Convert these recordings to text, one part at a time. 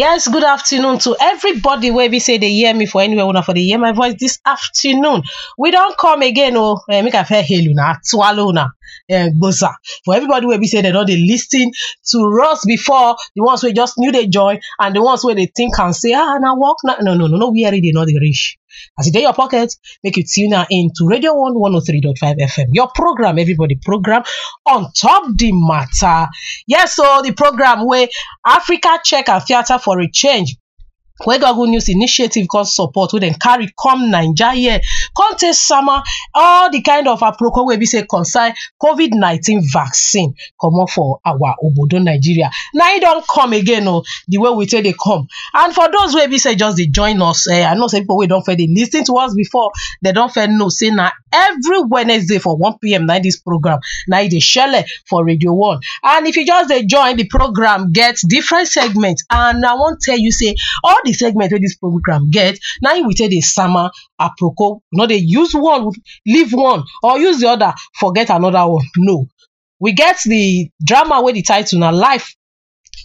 Yes, good afternoon to everybody. Where we say they hear me for anywhere, una for they hear my voice this afternoon. We don't come again, oh, eh, make a fair hail una, swallow una, eh, bosa. For everybody where we say they know they listen to us before, the ones where just knew they join, and the ones where they think and say, ah, now walk, no, no, no, no, no, we already know they reach. As you day your pocket, make you tune in to Radio 1 103.5 FM. Your program, everybody program on top the matter. Yes, so the program where Africa check and theater for a change wey google news initiative come support wey dem carry come naija here come take sama all di kind of aproko wey be say concern covid nineteen vaccine comot for our obodo nigeria na e don come again o oh, di way we take dey come and for those wey be say just dey join us eh i know say people wey don fair dey lis ten to us before dem don fair know say na every wednesday for one pm na e dis program na e dey shele for radio one and if you just dey join di program get different segments and i wan tell you say all di di segment wey this program get now im we take the summer aproko we no dey use one leave one or use the other, forget another one no we get the drama wey the title na life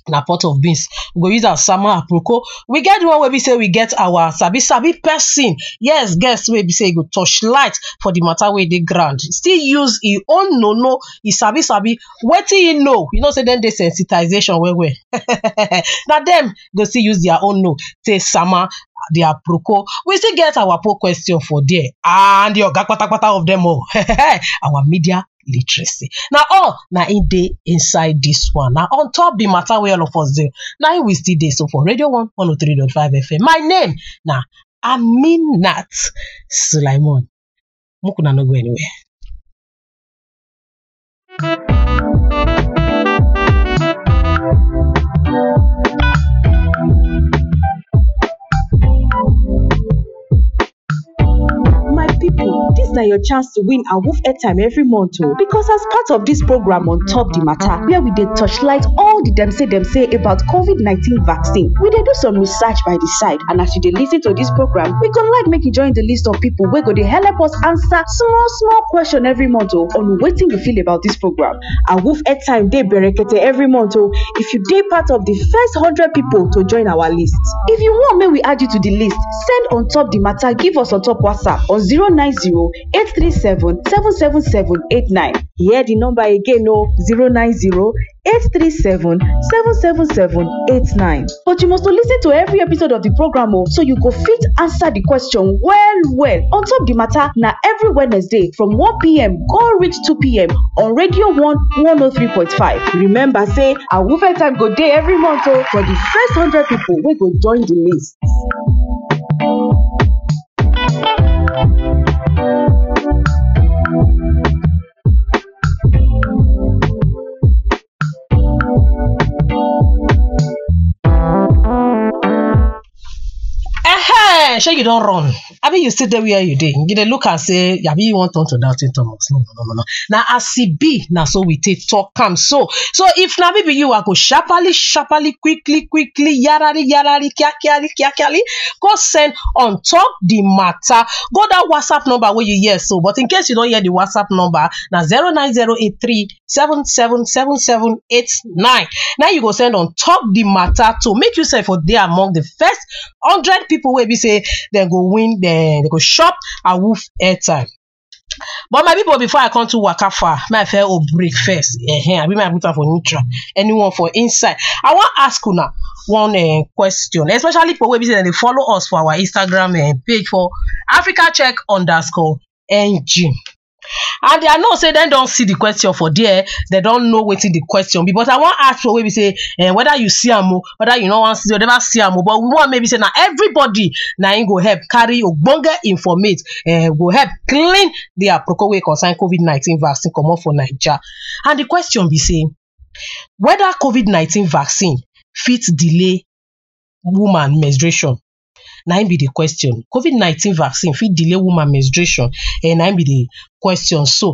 na pot of beans we go use am sama aproko we get the one wey be say we get our sabi sabi person yes guest wey be say e go touch light for the matter wey e dey ground still use e own nono e sabi sabi wetin e know you know say dem dey sensitization well well na dem go still use their own no. take sama their pro We still get our poll question for there and the oga kpatakpata of them all. our media literacy. na all na in dey inside this one. na on top the matter wey all of us dey. Now we still dey so for Radio 1 103.5 FM. My name na Aminat Sulaimon. muku na no go anywhere. people, this is your chance to win a Wolf airtime every month, oh, because as part of this program on Top the Matter, where we did touchlight all the them say them say about COVID 19 vaccine, we did do some research by the side, and as you did listen to this program, we can like make you join the list of people where go they help us answer small, small question every month oh, on waiting you feel about this program. A Wolf airtime they berekete every month, oh, if you day part of the first 100 people to join our list. If you want, may we add you to the list, send on top the matter, give us on top WhatsApp on 09 090 837 777 89. Hear the number again, oh, 090 837 777 89. But you must to listen to every episode of the program oh, so you go fit answer the question well, well. On top the matter, now every Wednesday from 1 p.m. go reach 2 p.m. on Radio 1 103.5. Remember, say, Awufe time go day every month oh, for the first 100 people we go join the list. Eh, sure you don't run. I mean, you sit there where you did. You dey look and say, Yabi, you want turn to doubting Thomas. No, no, no, no. Now, as it e be, now so we take talk come. So, so if now maybe you are go sharply, sharply, quickly, quickly, yarari, yarari, kiakiali, kiakiali, go send on top the matter. Go that WhatsApp number where you hear so. But in case you don't hear the WhatsApp number, now 09083777789. Now you go send on top the matter to make yourself for there among the first 100 people where we say, Then go win They go shop chop awoof airtime. But my people, before I come to waka far make I first break first um abi I be my am for neutral anyone for inside. I want ask you now one um question especially for wey be sey follow us for our Instagram um page for Africa check underscore ng and i know say dem don see the question for there dem don know wetin the question be but i wan ask people wey be say eh, whether you see am o whether you no wan see or never see am o but we wan maybe say na everybody na im go help carry ogbonge informate eh, go help clean the aproko wey concern covid nineteen vaccine comot for naija and the question be say whether covid nineteen vaccine fit delay woman menstruation na im be the question covid nineteen vaccine fit delay woman menstruation eh, na im be the question so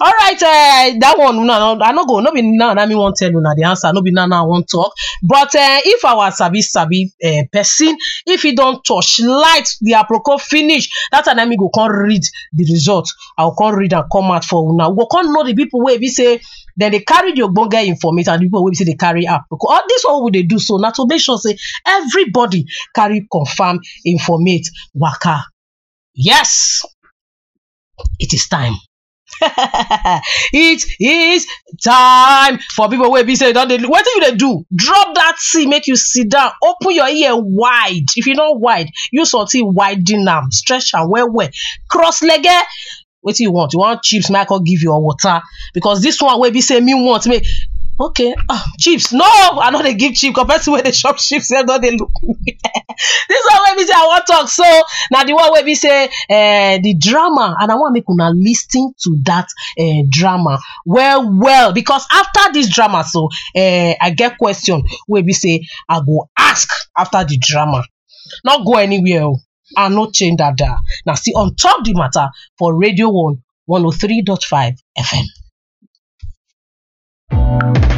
all right uh, eh, that one una i no go no be now na me wan tell una the answer no be now na i wan talk but uh, if our sabi sabi uh, person if he don touch light the aproko finish that time na me go come read the result i go come read am come out for una we go come know the people wey be say dem dey carry the ogbonge information and the people wey be say dey carry app all this one we dey do so na to make sure say everybody carry confam informate waka yes it is time it is time for people wey be say don dey look wetin you dey do drop that tea make you sit down open your ear wide if you no wide use something widen am stretch am well well cross legged wetin you want you want chips make i come give you or water because this one wey be say me want make okay ah chips no i no dey give chips compared to where dey chop chips dem no dey look this one wey be say i wan talk so na the one wey be say uh, the drama and i wan make una lis ten to that uh, drama well well because after this drama so uh, i get question wey be say i go ask after the drama no go anywhere o oh. and no change that da na still on top the matter for radio one one oh three dot five fm. thank you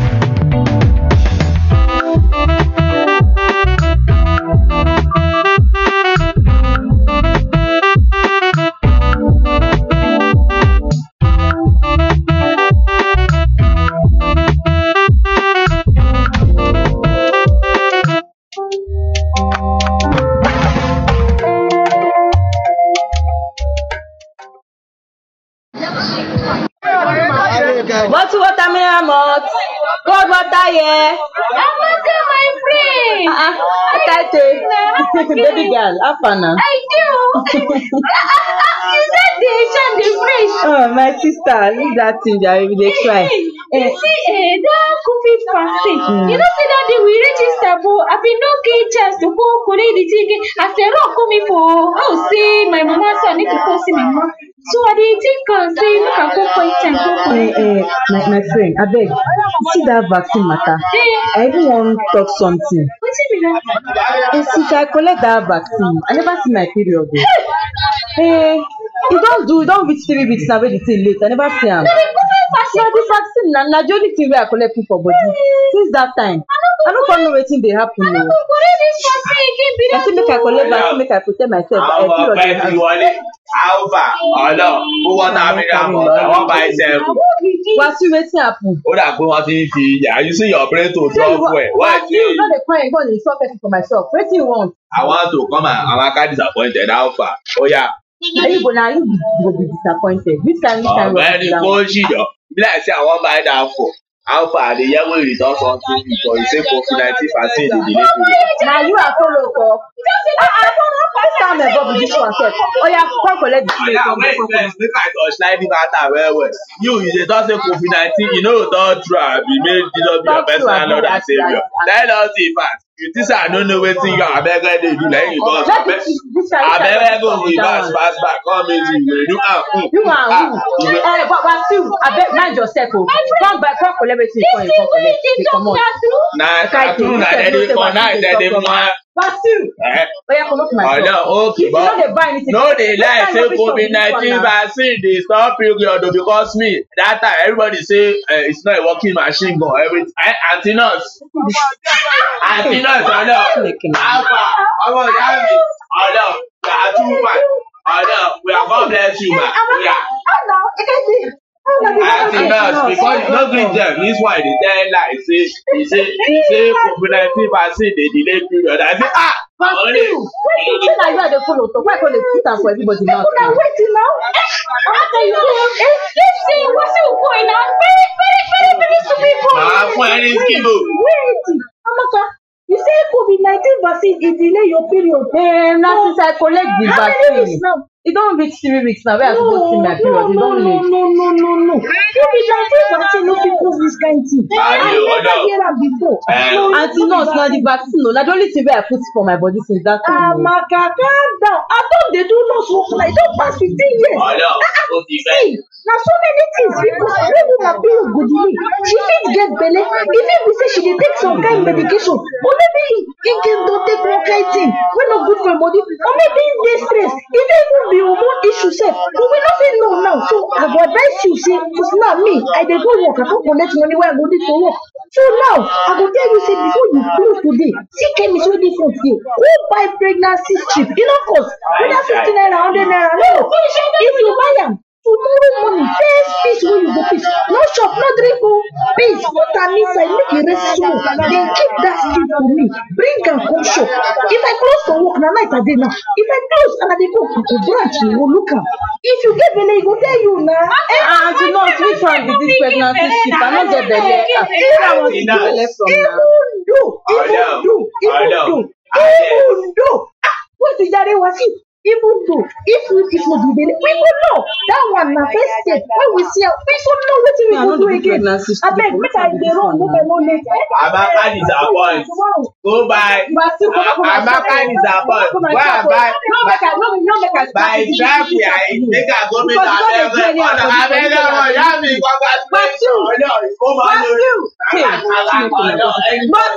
baby girl how far na. i do you know the song dey fresh. oh my sister leave that thing that we dey try. you eh. see eh, that covid vaccine mm. you know see that day we register for. I've been no get chance to go collect the ticket. I as rock run come for Oh, see, my mama son need to come see my mama. So I dey think am say make I come find time come find. Eh eh my my friend abeg see that vaccine matter. Eh. I even wan talk something. Wetin be that? Eh since I collect that vaccine I never see my period o. Eh. Hey, eh, e don do e don reach three weeks now wey the thing late I never see am na di vaccine na na the only thing wey i collect put for body since that time i no come know wetin dey happen o na say make i collect vaccine make i protect myself i fit run the house. alpha ọ̀nà púpọ̀ náà mìíràn àmọ́ àwọn bá ẹsẹ̀ ẹ̀kú. wá sí wetin happen. ó dà pé wọ́n ti ń fi ìyà you see your brain to drop well. Why? sí you no dey cry again you stop person for myself wetin you want. i want to come and I'm amaka disappointed alpha oya. na you go na you go be disappointed this kind which kind of. ọ̀gbẹ́ni kò ṣìyọ be like say I wan buy dat phone. How far the year wey we don something before you say for ninety percent dey delay period. Na you I don't for. First time I go be this one sef. Oya come collect the plate from the company. Make I touch ninety matter well well. You you dey say COVID you no go talk true abi make Jesus be your personal Lord and saviour. Tell us the fact teacher no know wetin you abeg let dey do lẹ́yìn because abeg go we pass back come meet you we do am um ah eh, you go. ẹ but wasu abeg mind yourself o oh. come back come collect wetin you come you come collect comot. na true na dem dey for night dem dey mọ Basil. Eh? Oya comot my shop. Oh, okay, but no dey buy anything. No dey lie say COVID nineteen vaccine dey stop period o because me that time everybody say uh, it's not a working machine gun every time. Aunty nurse. Aunty nurse ọ̀dọ̀. Alpha ọmọ ìyá mi ọ̀dọ̀ yàtú man ọ̀dọ̀ we are God bless you man. Oya. Ọ̀nà ìkẹ́sì. Acting nurse because you no gree dem this why the dey tell lie say you say you say covid 19 vaccine they delay period I say ah But you, wetin you I dey follow talk? Why you go for everybody mouth? Una wetin na? you say, you say wetin you go na? Very very very very stupid boy. Màá fún ẹ ní kílò. Amaka, you say COVID 19 vaccine dey delay your period. Ee, eh, na since I collect the vaccine. How It don't reach three weeks now. Where I suppose see my period? No, it don't reach. No, no, no, no, no. You be like this vaccine no fit cause this kind thing. I never hear am before. Aunty nurse na the vaccine No, Na the only thing wey I put for my body since that time ah, o. Amaka calm down. I don dey do nurse work now. E don pass fifteen years. Ah, ah, see na so many things people wey woman period go delay. She fit get belle. E fit be say she dey take some kind medication or maybe e e don take one kind thing wey no good for her body or maybe e dey stress. E fit even be hormone issue sef eh? but we no fit know now so i go advise you say cos now me i dey go work i go collect money wey i go need for work so now i go tell you say before you close today see chemist wey dey front here who buy pregnancy strip e no cost whether fifty naira hundred naira no if you buy am tomorrow morning first peace wey you go peace no shop, no drink o peace put am inside make e rest small then keep that seed for me bring and come shop if i close for work na night i dey now if i close and i dey go to branch you go look am if you get belay, e go tell you na. ah, ah aunty nurse which one be this pregnancy ship? i no get belle ah which one be this belle from do, even though even though even do, even though ah wait jare wasi even though if we if we be we go know that one na first step when we see am we go know wetin we go do again abeg make i dey run make i no late. amaka disappoint go buy amaka disappoint go and buy by drive we are in make i go meet abeg ọ̀nà abẹ́lẹ̀ ọ̀nà yá mi gbọ́gbà sí ọ̀nà ìfowópamọ́ lórí ọ̀nà ẹ̀gbọ́n ọ̀nà ẹ̀gbọ́n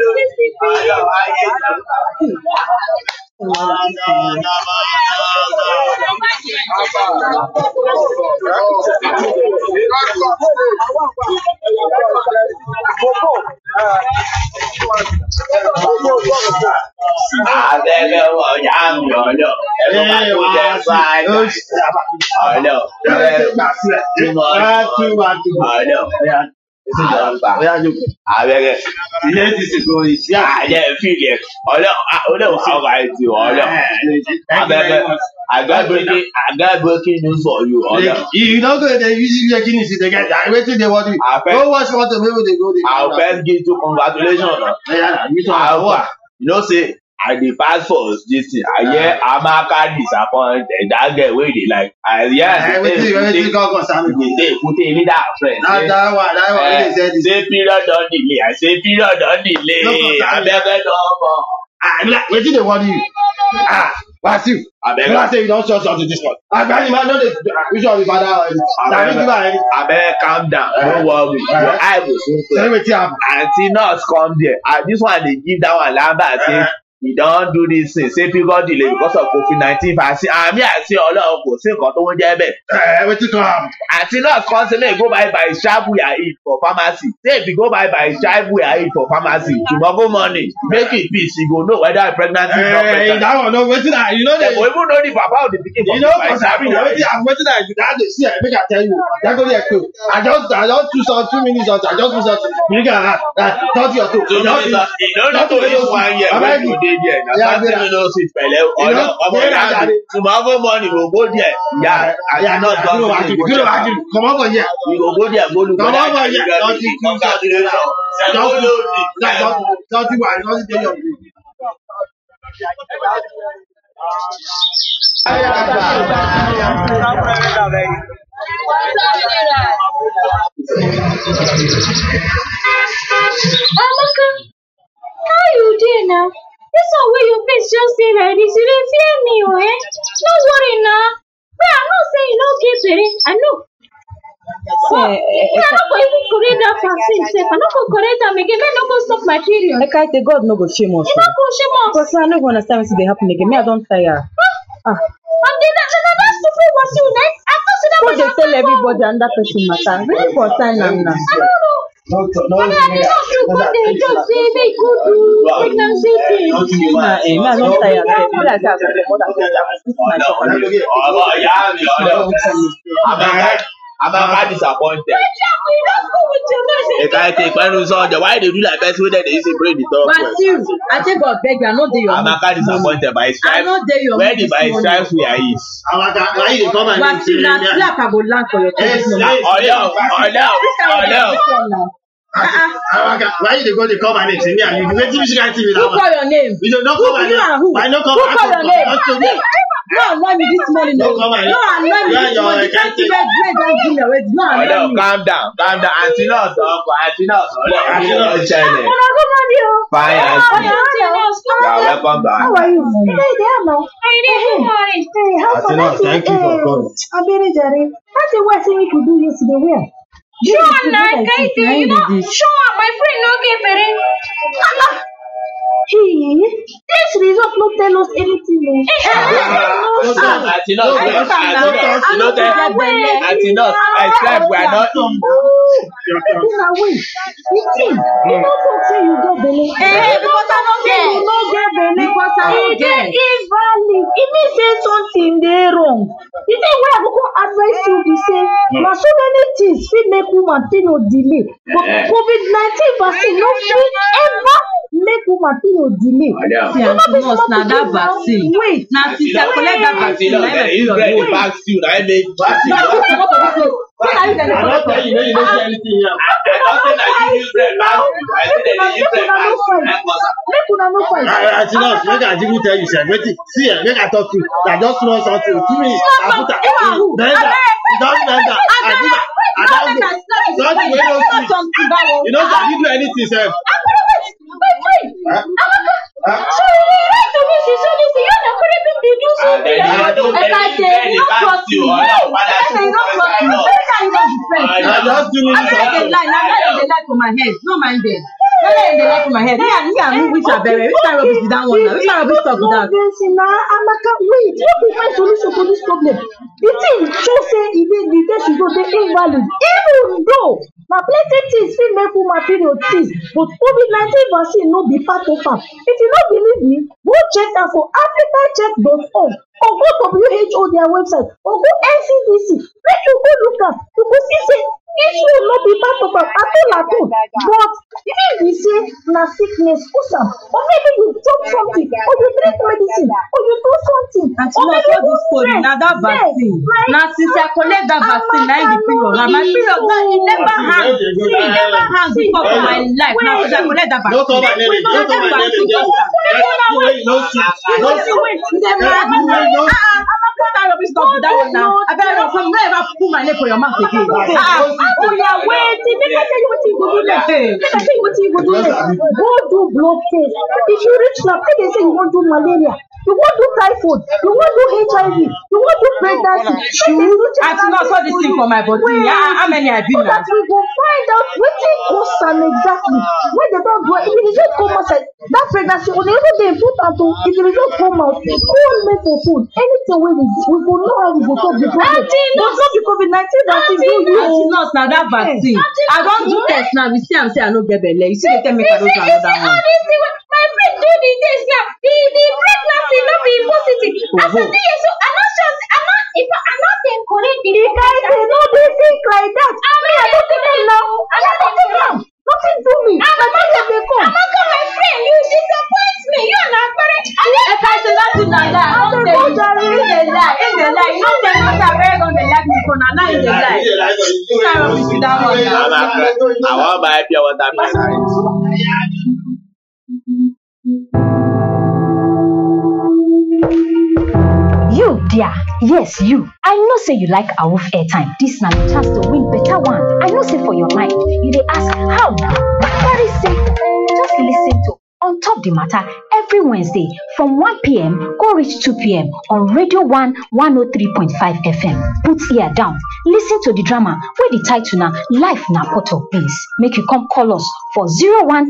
lórí ọ̀nà ayé ìjàmbá. Àbẹ̀lẹ̀wọ̀ yá àbẹ̀rẹ̀ ilé ti sìnkú ìsí àjẹ fílẹ̀ ọlọ́wọ́ àwọn àìtì ọlọ́ àbẹ̀rẹ̀ àgbàgbẹ́kẹ́ àgbàgbẹ́kẹ́ ní for you ọlọ́. you no go dey use your kidney to dey get that wetin dey worry you no watch photo wey dey go dey. i first give you congratulations. you know say I dey pass for this thing. I hear ah. Amaka disappointed. That girl wey dey like. I hear ah, say Kute say Kute leader friend. That that one that one wey dey sell this. Say period don delay. I say period don delay. Abẹ́fẹ́ don mọ̀. Ah, wetin dey worry you? Ah, Wasiu, abeg na say you don short short this dis one. Agbani man no dey wish you happy father or anything. Sabi give am anything. Abeg calm down, no eh. worry. Your eh. eye go soon clear. Tell me wetin happen. Aunty nurse come there. This one dey give that one lamba say eh we don do this thing say period delay because of covid nineteen vaccine I àti ọlọ́run kò sí nǹkan tó ń jẹ́ bẹ́ẹ̀. ẹ ẹ wetin come. àti nurse kan say go buy buy sharp we are in for pharmacy say if you go buy buy sharp we are in for pharmacy tomorrow morning make it peace you go know whether i pregnant or not pregnant. Eh, ẹ that one no wetin i you know the. ẹ even know the papa of the pikin for the buy sharp we are in. wetin i that dey see i make i tell you jagodi ekpe i just i just two some two minutes until i just do something you need to talk to your toe. two minutes you no need to use one year wey you dey gbé díẹ̀ náà bá tẹ̀ mí lọ́sí pẹ̀lẹ́ ọ̀dọ́ ọmọ rẹ̀ àti ṣùgbọ́n fún mọ́ọ̀nì ògbó díẹ̀ yà àti náà tọ́ sí ìgbésẹ̀ kọ̀mọ́bọ̀ yẹ ògbó díẹ̀ gbólùkọ́ kọ̀mọ́bọ̀ yẹ lọ́sí kọ̀mọ́bọ̀ lọ́sí wà lọ́sí tẹ̀lé ọ̀gbìn. Amaka, how you dey now? This one wey you plait just dey like this you dey fear me oo um. No worry na, me I know sey you no get belle, I know. But me I no go even correct that vaccine sef, I no go correct am again make e no go stop my period. Ekaete God no go shame us oo. He no go shame us. Because I no go understand wetin dey happen again, me I don tire. Ah. And then na na dat stupid vaccine na I talk say dat one na. Who dey tell everybody another person matter? Really important, na na. I no know. No, no, no. I'm not disappointed. Ìka ẹ̀kẹ́ ìpẹ́nu sọ́jọ́, why they do like person wey dem dey use brain dey talk well? Basil, I take God beg you, I no dey your mood. Amaka disappointed by his strife. I no dey your mood. Where the by his strife we are is. Amaka, na you dey come and dey say. Basil, na slap I go land for your head. Ọlẹ́ o, ọlẹ́ o, ọlẹ́ o. Uh-uh. Why you go dey call my name? Say me and you. Wetin be sugar TV Who call your name? You no call my name. Why no call Who call your name? No annoy me this morning. No call my name. No annoy me this morning. You can't see where grade don give me already. No me. calm down calm down. Àti náà sọ ọkọ̀ àti náà sọ ọ̀dọ̀ àti náà sọ ṣẹlẹ̀. Ọ̀nà kò mọ̀ ní o. You welcome back. How are you? Ilé ìdí àná. Ilé ìdí àná. Àti náà thank you for coming. very jàre. That's the worst thing we could do yesterday. Where? Sean, sure, na, kahit, you know, Sean, sure, my friend, okay, pero, This result no tell us anything. Àti nurse àti nurse àti nurse I eh? swear eh, we are not in. Everything na win. You see, you no talk say you get belle. Eh, because I no get. You no get belle. Because I no get. E dey invalid. E mean say something dey wrong. The thing wey I go come advise you be say na so many things fit make woman fit no delay. But COVID nineteen vaccine no fit ever make woman fit no delay. Yeah, nurse na that vaccine. Wait. Na since I collect that vaccine, na I make your Vaccine, na I make vaccine. I don't tell you, anything I don't tell you, anything, Wait, mind. Amaka, so you right to me, she saw this, you know, couldn't be the do something. If I say, you not trust you. no, if I not trust you, very you of friend. I'm not the lie, I'm not the lie for my head, no mind it. No lie in the lie for my head. Me and me and me, which are very, which are rubbish, that one, which are rubbish, talk with that. Amaka, wait, what be my solution to this problem? The thing show say, the day should go, they invalid, even though na plenty things fit make woman fit notice but covid nineteen vaccine no be part of am if you no believe me go check am for africacheck.org or go who their website or go ncdc make you go look am you go see say israel no be part of am at all at all but if e be say na sickness cause am or maybe you chop something or you drink medicine or you do something or maybe you don stress na that vaccine na since i collect that vaccine na im the period na my period na e never hang see e never hang before for my life na since i collect that vaccine we no, get vaccine just now. no see wait dem na ah ah. Put that rubbish stuff with that one now. I better not come. Don't put my name for your mouth again. Ah, oh yeah, wait. Make I tell you what you go do next. Make I tell you what you go do next. Go do blood test. If you reach now, they say you wan do malaria. You wan do typhoid. You wan do HIV. You wan do pregnancy. Make they reach out. I do not saw this thing for my body. Wait. How many I been now? So that we go find out wetin cause am exactly. When they don't do that she on the other day put her to if the result come out call me for food anything wey we we go know how we go solve the problem but no be covid nineteen vaccine don use. anti nurse na that vaccine i don do test now we see am say i no get belle you see the tell me do another one. my friend do the test now the the pregnancy no be positive after three years so i no sure say i no if i no dey correct the. the guy dey no dey think like that me i no think am na i no think am. Nothing do me. I'm Amaka, Amaka, my friend, you disappoint me. You are not correct. If I say nothing like that, I don't tell you. It's a lie. It's the lie. You know the most I very on the life before now. Now it's the lie. You not rubbish with that one. I want my happy water beside. Thank you. You dear, yes you. I know say you like awoof airtime. This now your chance to win better one. I know say for your mind, you dey ask how na? Very simple. Just listen to on Top the Matter every Wednesday from 1 p.m. go reach 2 p.m. on Radio 1 103.5 FM. Put ear down, listen to the drama with the title now Life na Pot of Peace. Make you come call us for 013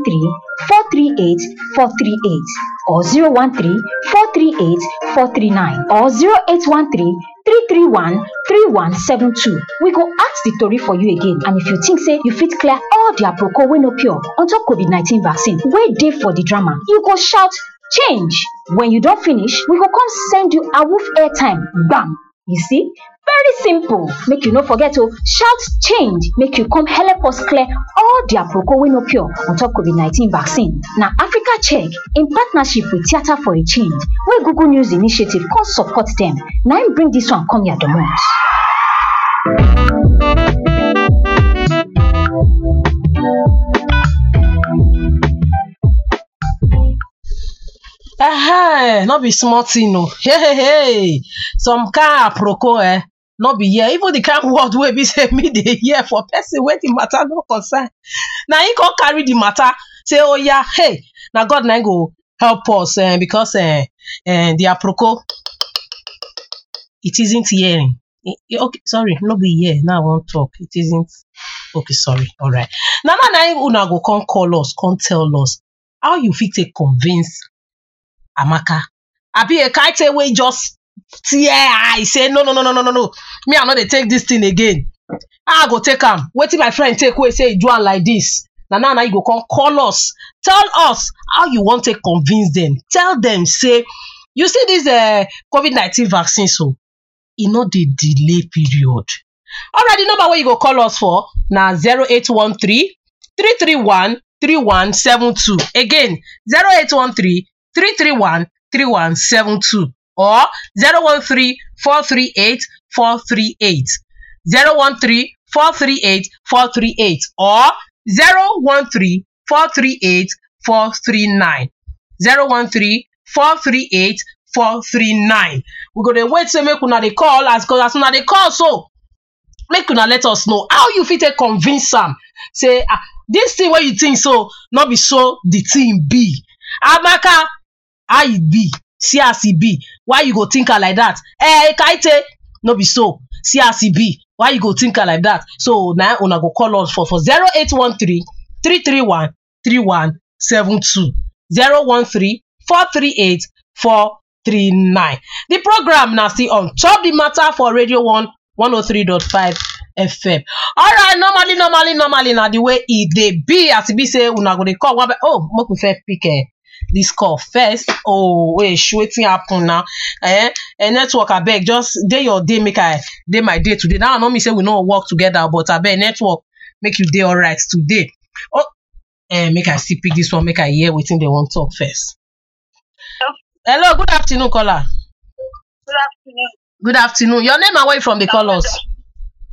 438 438 or 013 438 439 or 0813 3313172. We go ask the Tory for you again and if you think say you fit clear all the aproko wey no pure on top COVID-19 vaccine wey dey for the drama, you go shout change. When you don't finish, we go come send you a wolf airtime Bam. You see, very simple make you no forget to shout change make you come help us clear all their aproko wey no pure on top covid-19 vaccine na africa check in partnership with theatre for a change wey google news initiative come support dem na im bring dis one come your domot. Ehen, no be small thing o. Hey, hey, hey. Some car aproko eh, no be here even the kind word wey be say me dey hear for person wey the matter no concern na him come carry the matter say oh, yeah, hey na god na go help us uh, because uh, uh, the aproko it isn't hearing e, e, okay sorry no be here now i won't talk it isn't okay sorry all right na now na una go come call us come tell us how you fit take convince amaka abi a kaite wey just tear eye say no no no no no no no me i no dey take this thing again how i go take am wetin my friend take wey say e do am like this. na now na you go come call us tell us how you wan take convince them. tell them say you see this um covid nineteen vaccine so e no dey delay period alright number wey you go call us for na zero eight one three three three one three one seven two again zero eight one three three three one three one seven two or 013-438-438, 013-438-438 or 013-438-439, 013-438-439. We're going to wait to make una dey call as as una dey call so make una let us know how you fit to convince am say ah dis thing wey you think so Not be so the thing be. Abaka how e be see as e be why you go think am like that? eh kaite no be so see as e be why you go think am like that? so na una go call us for for zero eight one three three three one three one seven two zero one three four three eight four three nine the program na still on top the matter for radio one one oh three dot five fm alright normally normally normally na the way e dey be as e be say una go dey call one oh make we first pick eh This call first oh wait, wetin happen now. eh, eh network abeg just dey your day make i dey my day today Now I no mean say we no work together but abeg network make you dey alright today oh eh make i still pick this one make i hear wetin dem wan talk first. hello good afternoon caller. good afternoon. good afternoon your name and where you from dey call us.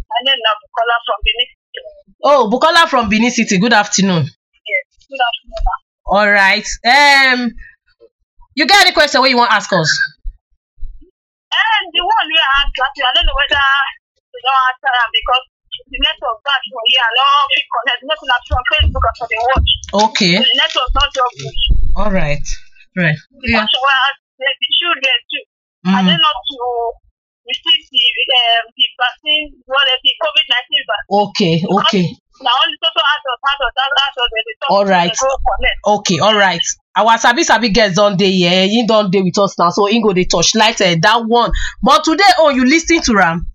my name na bukola from benin. City. oh bukola from benin city good afternoon. yes good afternoon ma. All right. Um, you get any question? What you want to ask us? And um, the one we asked last year, I don't know whether you know answer them because the network bad for here. No, we connect nothing at from Facebook after the watch. Okay. So the network not just. good. All right. Right. The yeah. question was the children too. Mm. I don't know to receive the, um, the vaccine, what the COVID 19 but. Okay, okay. all right okay all right our sabi sabi guest don dey here him don dey with us now so him go dey touch light uh, eh, that one but today oh you lis ten to am.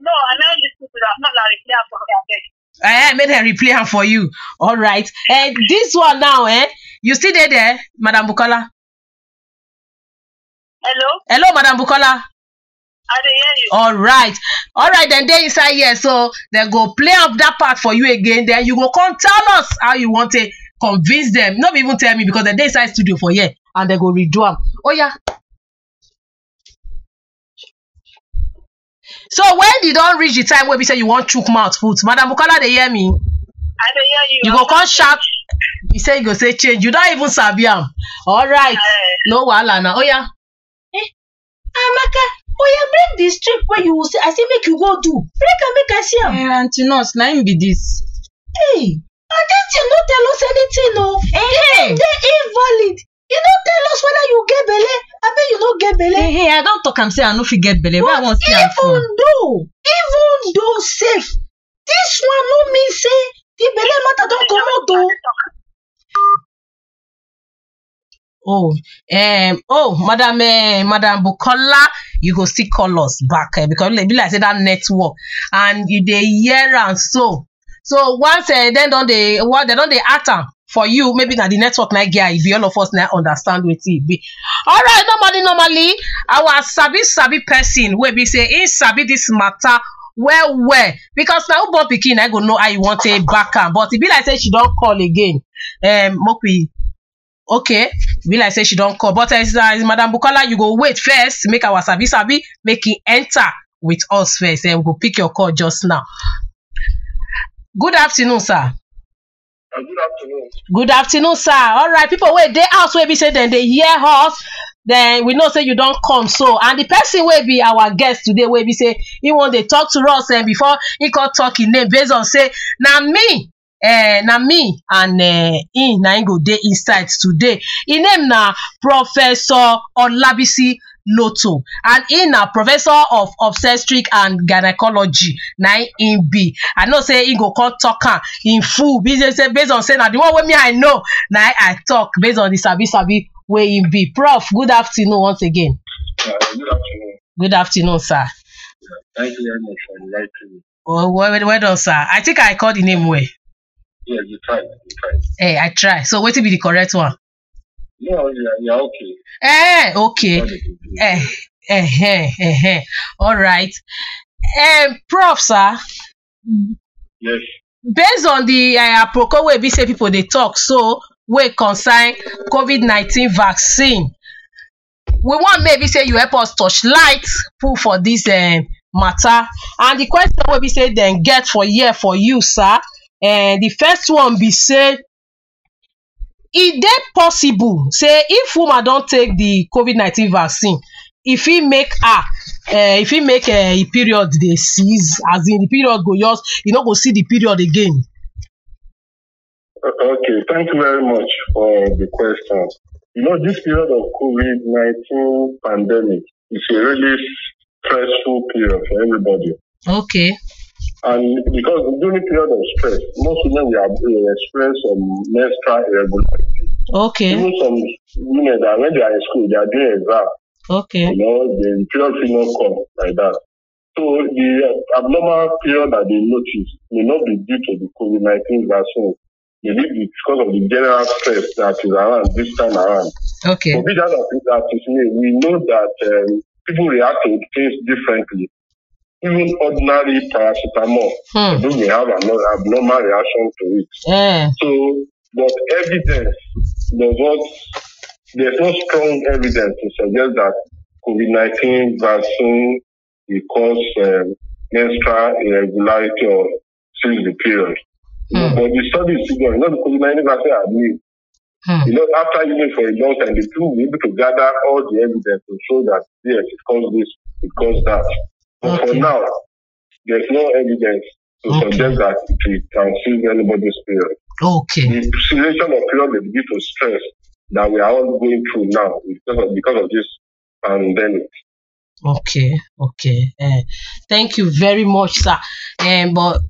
no i never lis ten to am not na replay am for me abeg. Eh, make dem replay am for you all right eh, this one now eh, you still dey there madam bukola. hello. hello madam bukola. All right. All right, then they inside here. So they go play up that part for you again. Then you go come tell us how you want to convince them. Not even tell me because the day inside studio for here and they go redo them. Oh yeah. So when you don't reach the time where we say you wan chook mouth put, Madam Bukola they hear me? I hear you. You go come sharp. You say you go say change. You don't even sabiam. All right. Uh, no wahala na. Oya. Oh, eh, Amaka oya break the strip wey you say i say make you go do break am make i see am. Eh, aunty nurse na im be dis. hey and dis thing no tell us anything o. Oh. Eh, dis eh. dey invalid You e no tell us whether you get belle abi you no get belle. Eh, hey, eh, i don talk am say i no fit get belle wey i wan see am for. even though even though sef dis one no mean say the belle matter don comot o. Oh, um, oh, Madam, uh, Madam Bukola, you go see us back uh, because it be like say that network, and you dey hear am so. So once uh, eh, then don dey what they don dey act am for you maybe na the network na get if all of us na understand wetin e be. all right, normally normally our sabi sabi person wey be say im sabi this matter well well because na who born pikin na go know how you wan take back am but e be like say she don call again um, make we okay be like say she don call but as, madam bukola you go wait first make our sabi sabi make him e enter with us first then we go pick your call just now good afternoon sir. Uh, good afternoon. Good afternoon, sir. All right, people wait, they house where be say then they hear us. Then we know say you don't come. So and the person will be our guest today will be say he want they talk to us and before he can talk in name based on say now me Eh, na me and eh, him na him go dey inside today him name na professor olabisi loto and he na professor of obstetric and gynecology na him be i know say he go come talk am in full Business based on say na the one wey me i know na i talk based on the sabi sabi wey him be prof good afternoon once again uh, good afternoon good afternoon sir thank you very much for inviting me oh, well, well, well done sir i think i call the name well Yeah, you try. You try. Hey, eh, I try. So what will be the correct one? No, you're yeah, okay. Eh, okay. Eh, eh, eh, eh, eh, All right. Um, Prof, sir. Yes. Based on the uh, Aproko wey be say people dey talk so we concern COVID-19 vaccine, we want maybe say you help us touch light put for this uh, matter. And the question wey be say then get for here for you, sir, uh, the first one be say is that possible say if woman don't take the covid-19 vaccine if he make a, uh, eh, e make a eh, period dey cease as in the period go just e not go see the period again. okay thank you very much for the question you know this period of covid-19 pandemic is a really stressful period for everybody. okay And because during period of stress, most women will eh, experience some menstrual irregularity. Okay. Even some women that when they are in school, they are doing exam. Okay. You know, the period will not come like that. So the uh, abnormal period that they notice may not be due to the covid nineteen vaccine. Maybe it's because of the general stress that is around this time around. Okay. But that, that is, we know that um, people react to things differently even ordinary paracetamol, hmm. they may have an abnormal reaction to it. Yeah. So, but evidence does not, there's no strong evidence to suggest that COVID-19 vaccine will cause um, menstrual irregularity or since the period. Mm. But the study is going. Not the COVID-19 vaccine are new. Hmm. You know, after using for a long time, the two will be able to gather all the evidence to show that yes, it caused this, it caused that. But okay. for now, there's no evidence to okay. suggest that it can seize anybody's period. Okay. The situation of period is due to stress that we are all going through now because of, because of this pandemic. Okay, okay. Uh, thank you very much, sir. Um, but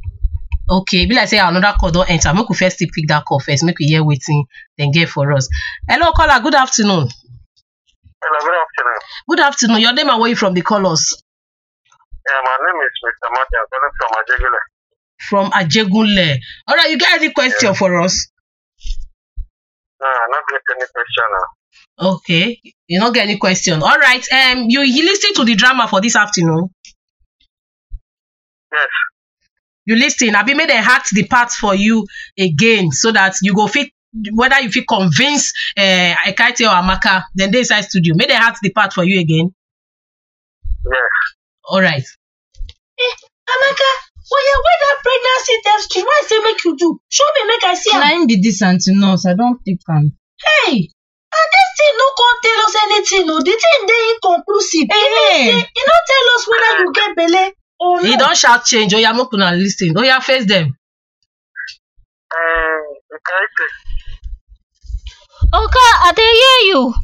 okay, be like say another call don't enter. Make we first still pick that call first. Make we hear waiting, then get for us. Hello, caller. Good afternoon. Hello, good afternoon. Good afternoon. Your name away from? The callers. Yeah, my name is Mr. Martin. I'm calling from Ajegunle. From Ajegunle. All right, you got any question yeah. for us? No, I not getting any question now. Okay, you not get any question. All right, um, you listening to the drama for this afternoon? Yes. You listen. Abi made a heart the parts for you again, so that you go fit whether you feel convinced uh, eh, Ekaite or Amaka, then they inside studio. May they have depart for you again. Yes. All right. Hey, eh, Amaka, well, yeah, where that pregnancy test you want say make you do? Show me, make I see. Can I be this auntie nurse? I don't think I'm. Hey, and this thing no come tell us anything. No, the thing they inconclusive. Hey, eh. hey. Say, you e no tell us whether you ah. get belle or not. You don't shout change. Oya make una lis ten. Oya face them. Uh, okay, I dey hear you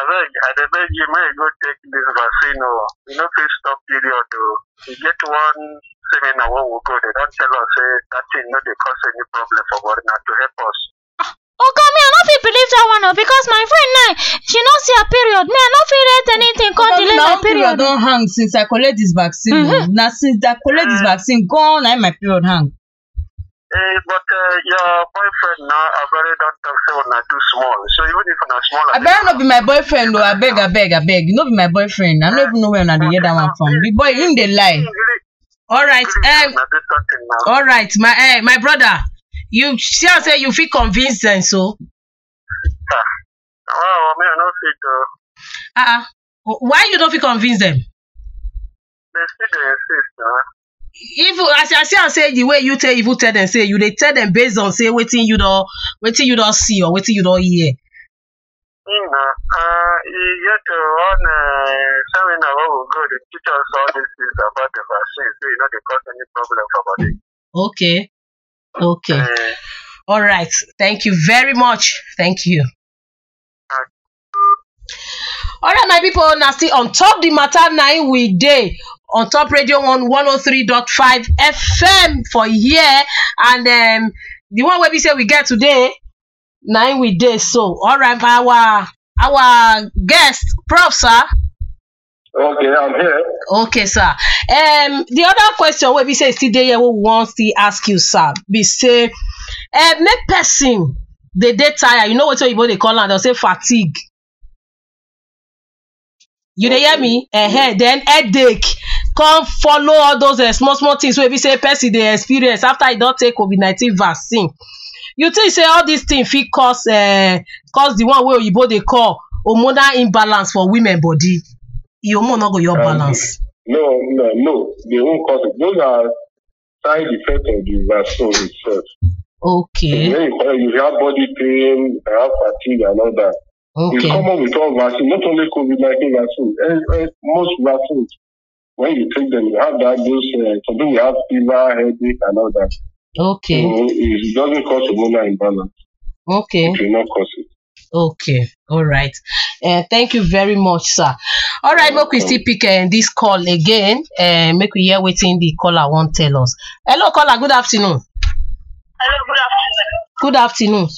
abeg i dey beg you make you go take this vaccine o oh. you no fit stop period o oh. e get one seminar wey we go dey don tell us say that thing no dey cause any problem for body na to help us. Ah, oga me i no fit believe that one o oh, because my friend now she no see her period me i no fit rate anything come delay my period. na one period don hang since i collect this vaccine o mm-hmm. na since i collect this mm. vaccine gan na my period hang. Hey, eh, but uh, your boyfriend now, I very don't talk say una too small. So even if una small, I better not be my boyfriend though. I beg, I beg, I beg. You not be my boyfriend. I don't even know where una dey that one from. The boy him dey lie. All right, um, all right, my uh, my brother, you see, I say you feel convinced and so. Wow, me I no fit. Oh. Ah, ah, why you don't feel convinced them? They still dey insist, huh? If as i see am say the way you take even tell dem say you dey tell dem based on say wetin you don wetin you don see or wetin you don hear. Ima, uh, you get to one uh, seminar where we go to teach us all these things about the vaccine, so you know they cause any problem for body. Okay, okay. Uh, all right. Thank you very much. Thank you. All right, my people, now still on top the matter now we day on top radio one 103.5 fm for here and um, the one where we say we get today nine we day so all right my our our guest prof sir. Okay, I'm here. Okay, sir. Um, the other question where we say today dey we wan to ask you, sir, we say, uh, make person dey day tired. You know what oyibo dey call and Dem say fatigue. You dey hear me? Uh-huh. Then headache come follow all those uh, small small things wey be say person dey experience after e don take covid nineteen vaccine you think say all these things fit cause uh, cause the one wey oyibo dey call hormonal imbalance for women body your e hormone no go your um, balance. no no no The won cause it those are side effects of the vaccine itself. okay. when you when you have body pain you have fatigue and all that. okay. It's common with all vaccines, not only covid nineteen vaccine, and, eh, and most vaccines when you take them, you have that those uh, something you have fever, headache, and all that. Okay. So it doesn't cause hormonal imbalance. Okay. It will not cause it. Okay, all right. Uh, thank you very much, sir. All right, make we still pick uh, this call again. Uh, make we hear waiting the caller won't tell us. Hello, caller. Good afternoon. Hello, good afternoon. Good afternoon.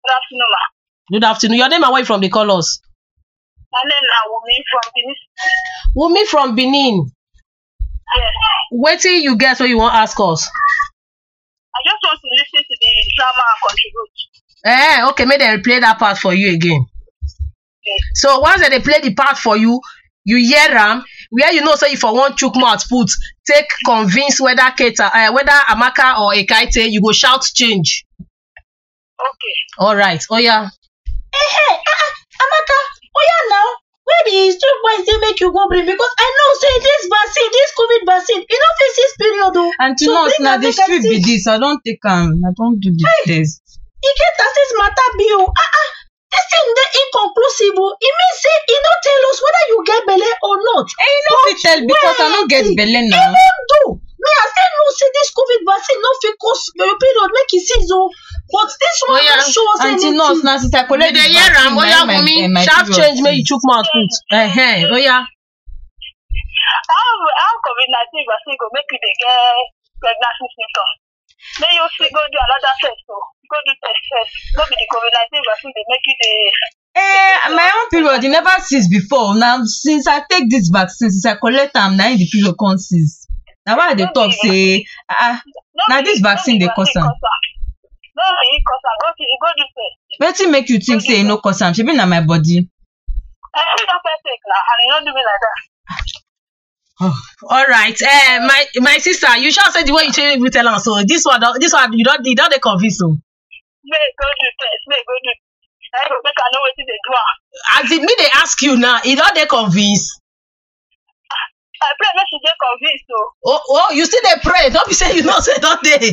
Good afternoon, ma. Good afternoon. Your name away from the callers. My name is Wumi from the Wunmi from Benin, Yes. wetin you get what you wan ask us? I just want to listen to the drama and contribute. Eh, okay May they play that part for you again. So once they play the part for you, you hear am where you know say if I want chook mouth put take convince whether Keta um whether Amaka or Ekaete you go shout change. Okay. All Alright oya. um Amaka oya now wey it's street boys dey make you go bring because i know say this vaccine this covid vaccine e no this see period o. aunty nurse na the street be this. i don't take um. i don't do the test. you get that this matter be o oh. ah ah this thing they inconclusive oh. It means say it e no tell us whether you get belle or not. e no tell because i no get belle now. even though me i still know say this covid vaccine no fit cause your period make e cease o but this one no show us anything. oya aunty nurse na since i collect the vaccine na im my my sharp change make you chook mouth put oya. how how covid nineteen vaccine go make you dey get pregnancy symptoms make you still go do another test o oh. go do test test. no be the covid nineteen vaccine dey make you dey Eh, my own period e never cease before na since i take this vaccine since i collect am na im the period come cease na why i dey talk say ah, ah na this vaccine dey cause am. no e cause go e go this way. wetin make you think say e no cause am shebi na my body. every doctor take na and e no do me like that. Oh, all right, uh, my my sister, you sure say the way you tell me tell us. so this one this one you don't, you don't dey convince so. May go do test, may go do. I go make I know what dey do As it me they ask you now, e don't dey convince. I pray make she dey convinced o. Oh, oh, you still dey pray? Don't be say you know say don dey. you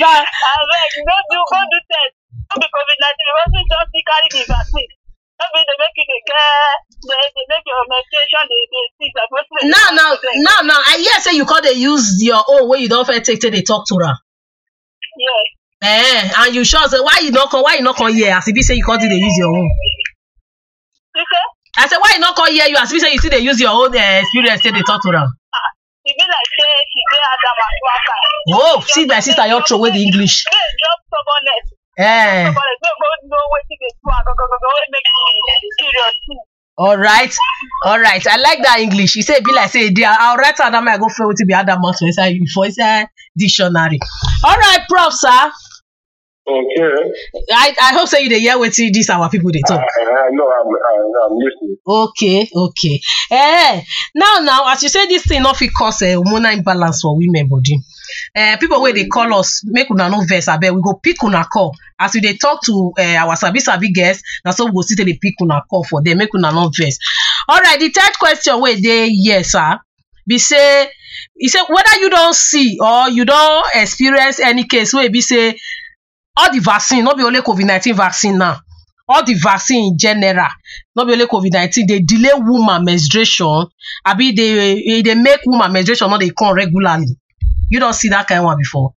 know, abeg, go do go do test. No be COVID nineteen, you must just still carry the vaccine. No be dey make you dey get, dey make your menstruation dey dey No, no, no, no. I hear say you come dey use your own wey you don't first take take dey talk to her. Yes. Eh, and you sure say why you not come why you not come here as e be say you come dey use your own. Okay. I said, why you not call here? You and say you see they use your own uh, experience, say they talk to them. e be like say she dey adam and oh see my sister your throw away the english. make drop stubbornness. Eh. stubbornness make go know i like that english e said, be like say dear, I'll write am down make i go fill wetin be other mouth for inside for inside dictionary alright prof sir. Okay. I, I hope say you they hear what this our people they talk. I, I, no, I'm, I, I'm listening okay okay eh now now as you say this thing no fit cause eh, hormonal imbalance for women body uh, people wey dey call us make una no vex abeg we go pick una call as we dey talk to uh, our sabi sabi guests na so we go still dey pick una call for them make una no vex alright the third question wey dey here sir be say e say whether you don see or you don experience any case wey e be say all the vaccine no be only covid nineteen vaccine now all the vaccine in general no be only covid nineteen dey delay woman menstruation abi dey e eh, dey make woman menstruation no dey come regularly you don see that kind one before.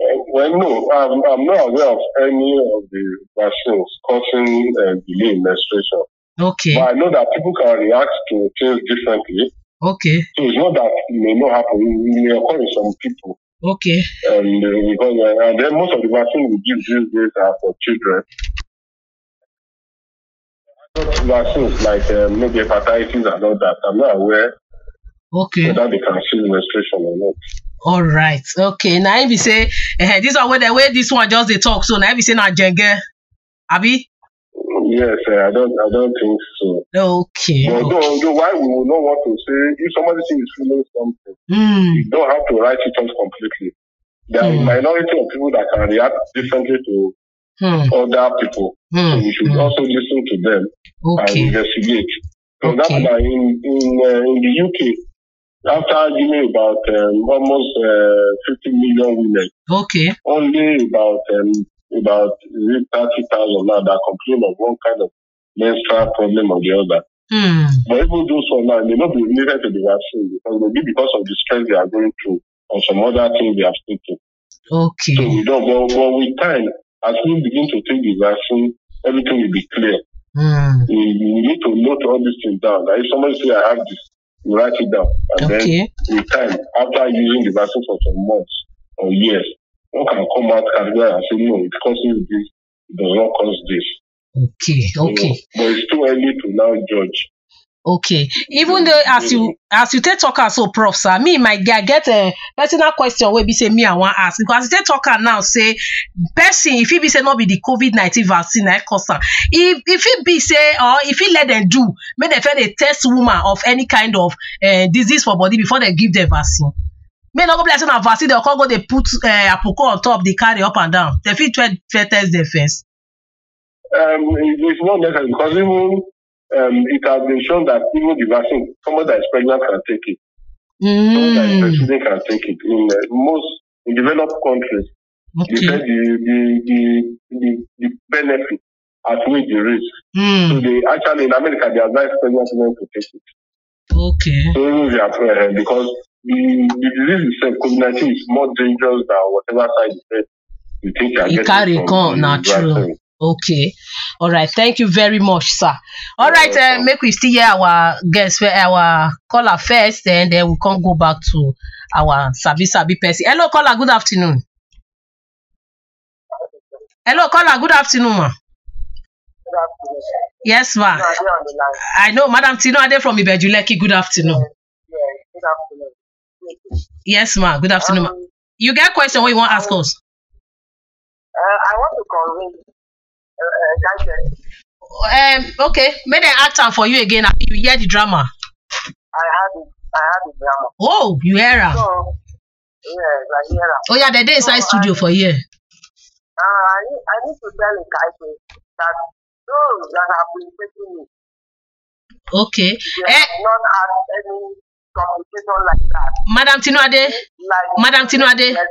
Uh, well, no, I'm, I'm not aware of any of the vaccines causing uh, delay in menstruation. Okay. But I know that people can react to things differently. Okay. So it's not that it may not happen. It may occur in some people. Okay. And, because, uh, and then most of the vaccine we give these days are for children not vaccines like um, maybe hepatitis and all that. I'm not aware okay. whether they can see menstruation or not. All right, okay. Now if you say eh, this one, where the way this one just they talk, so now if you say now jenge, Abi. Yes, uh, I don't, I don't think so. Okay. But okay. Though, though why we will not want to say if somebody is feeling something, mm. you don't have to write it out completely. There mm. a minority of people that can react differently to hmm. other people. Hmm. So we should hmm. also listen to them okay. and investigate. So okay. that's why in in, uh, in the UK, after arguing about um, almost uh, 50 million women, okay, only about um, about 30,000 now that complain of one kind of menstrual problem or the other. Hmm. But even those for now may not be related to the vaccine because maybe because of the stress they are going through or some other thing they are taking. Okay. So we don't. But, but with time, as we begin to take the vaccine, everything will be clear. Mm. We, we, need to note all these things down. Like if somebody says, I have this, we write it down. And okay. then we time, after using the vaccine for some months or years, one can come out and go and say, no, it causes this, it does not cause this. Okay, okay. but it's too early to now judge. okay even though as you as you take talk so prof sir me my guy get a personal question where be say me i want ask because as you take talk now say person if it be say not be the covid nineteen vaccine I eh, cause am if e fit be say or if it let them do may they find a test woman of any kind of uh, disease for body before they give dem vaccine May not go be like say na vaccine dem come go they put uh, eh, apoko on top they carry up and down they fit try test their face. Um, it's not necessary because even um, it has been shown that even the vaccine, someone that is pregnant can take it. Mm. Someone that is mm. breastfeeding can take it. In uh, most in developed countries, okay. they said the, the, the, the, the benefit outweigh the risk. Mm. So they actually in America they advise pregnant women to take it. Okay. So they are pregnant uh, because the, the disease itself, COVID-19, is more dangerous than whatever side effect you think you are getting. It carry come, not true. Okay. All right. Thank you very much, sir. All right. Uh, make we still hear our guest, our caller first, then then we can go back to our Sabi Sabi person. Hello, caller. Good afternoon. Hello, caller. Good afternoon, ma. Yes, ma. I know, Madam Tino Ade from Ibejuleki. Good afternoon. Yes, ma. Good afternoon, ma. Um, you get question what you want to ask um, us? Uh, I want to convince Um, okay, may I ask out for you again? you hear the drama. I had it. I have the drama. Oh, you hear her? So, yes, I hear her. Oh yeah, the day inside studio I, for here. Uh, I I need to tell the guy that those that have been taking me. Okay. eh, not had any complication like that. Madam Tinuade. Like, Madam Tinuade. Like,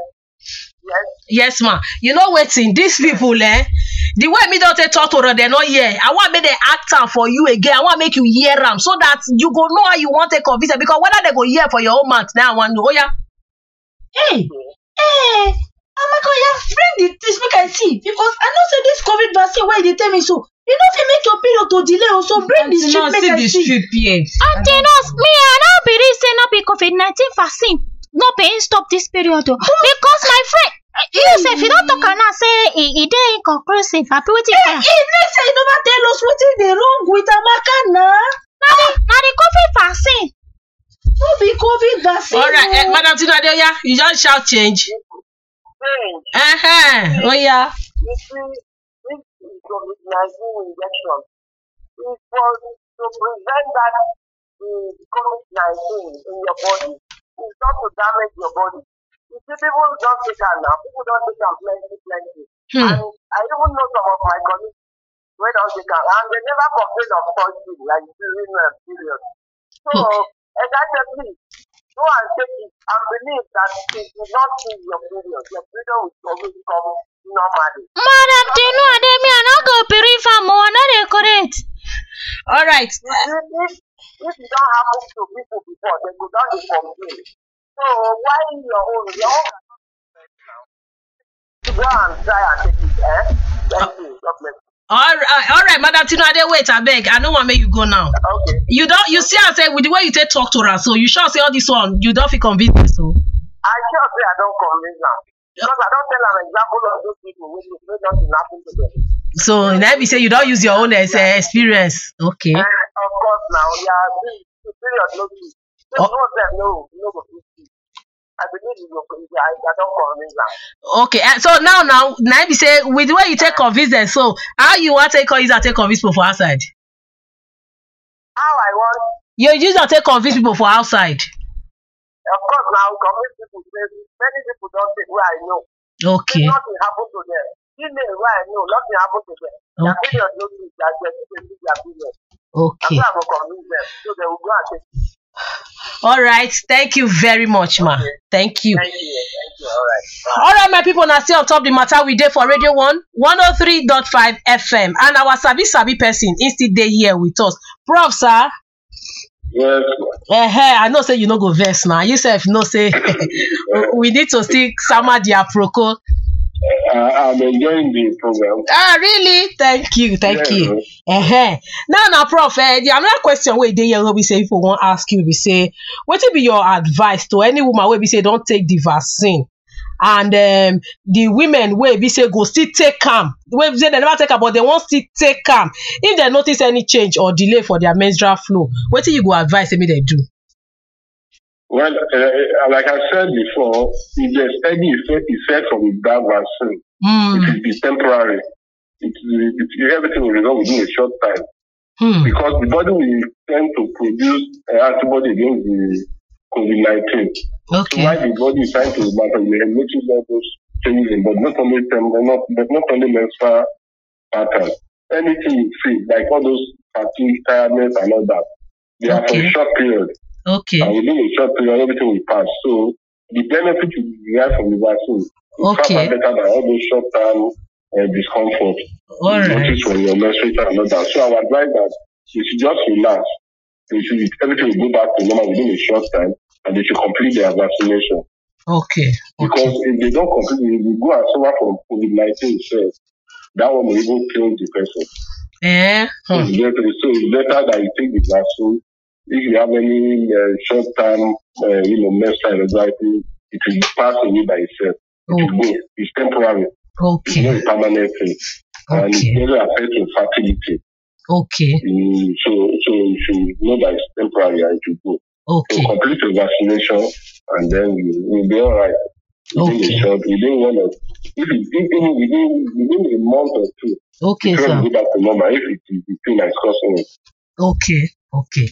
yes ma you know wetin These people, eh the way me don take talk to them they no hear i wan make them act am for you again i wan make you hear am so that you go know how you wan take convince them because whether they go hear for your own mouth na i wan know oya. hey hey amaka oya bring the things make i see because i know say this covid vaccine wey you dey tell me so e no fit make your period to delay o so bring the strip make i see. aunty nurse me i no believe say no be covid nineteen vaccine no pain stop this period o because my friend you sef you don tok am now say e, e dey inconclusive abi wetin you eh, e mean say e never tell us wetin dey wrong wit amaka na na the covid vaccine no be covid vaccine all right eh, madam tinubu oya you just shout change uh-huh. oya injection it was to prevent that eh, COVID-19 in your body is not to damage your body. You see, people don't take am now. People don't take am plenty, plenty. Hmm. And I even know some of my colleagues wey don't take am, and they never complain of toxin like during uh, period. So, hmm. exactly, go and take it and believe that it will not kill your period. Your period will always come normally. I'm telling you I'm not going to I more, not decorate. All right. If you don't have hope to people before, then you don't complain. So why your own? Your own to go and try and take it. Eh? Thank you. God bless you. All right, all right, Madam Tinade, wait, I beg. I know I make you go now. Okay. You don't. You see, I say with the way you take talk to her, so you sure say all this one. You don't feel convinced, so. I sure say I don't convince her because I don't tell an example of those people which is not nothing to them. So yeah. that be say you don't use your own as, uh, eh, experience. Okay. And ah, of course now, yeah, the period no be. No oh. them no no go I believe you go I, I don't convince now. Okay, uh, so now now now be say with the way you take convince them, so how you want take convince and take convince people for outside? How I want you use and take convince people for outside. Of course now convince people many people don't take where I know. Okay. Nothing happened to them ilé ìwà ẹ̀ ní òlọ́sìn abókèké yàgbéyàn ló ti ìgbàgbẹ́ níbi ìlú yàgbéyàn. Okay. All right, thank you very much, ma. Thank you. Thank you. Thank you. All right. All right, my people, now see on top the matter we did for Radio 1 103.5 FM. And our Sabi Sabi person is still there here with us. Prof, sir. Yes. Uh-huh. I know say you no go verse, now. You say self know say we need to stick some of the aproko I'm enjoying the program. Ah, really? Thank you, thank yeah. you. Uh-huh. Now, now, Prof, uh, the another question Where they, here wey be say people wan ask you be say, wetin be your advice to any woman where we say don't take the vaccine? and um, the women where we say go still take am where be say dem never take am but they wan still take am if they notice any change or delay for their menstrual flow what wetin you go advise them make dem do. well uh, like i said before if there's any effect, effect from that vaccine Mm. It will be temporary. It, it, everything will resolve within a short time. Mm. Because the body will tend to produce an antibody against the COVID 19. Okay. So why the body is trying to battle? We manipulate those changes in body, not only temporal, not, but not only menstrual pattern. Anything you feel, like all those fatigue, tiredness, and all that, they okay. are for a short period. Okay. And within a short period, everything will pass. So the benefit you derive from the vaccine Okay. South better than all those short term uh, discomfort. All right. Notice when your menstruator and all that. So I would advise that you should just relax. You should, everything will go back to normal within a short time and they should complete their vaccination. Okay. Because okay. if they don't complete, if they go and suffer from COVID 19 itself, that one will even kill the person. Yeah. Huh. So, it's hmm. better, so it's better that you take the vaccine. If you have any uh, short term, uh, you know, menstrual anxiety, it will pass away by itself. Okay. It is temporary. Okay. It's not permanent thing. Okay. And it doesn't affect your fertility. Okay. Mm, so, so you should know that it's temporary and you go. Okay. So complete your vaccination and then you will be all right. okay. short, within one or if within within a month or two. Okay, sir. Go back to normal if it is the thing that's causing it. Okay. Okay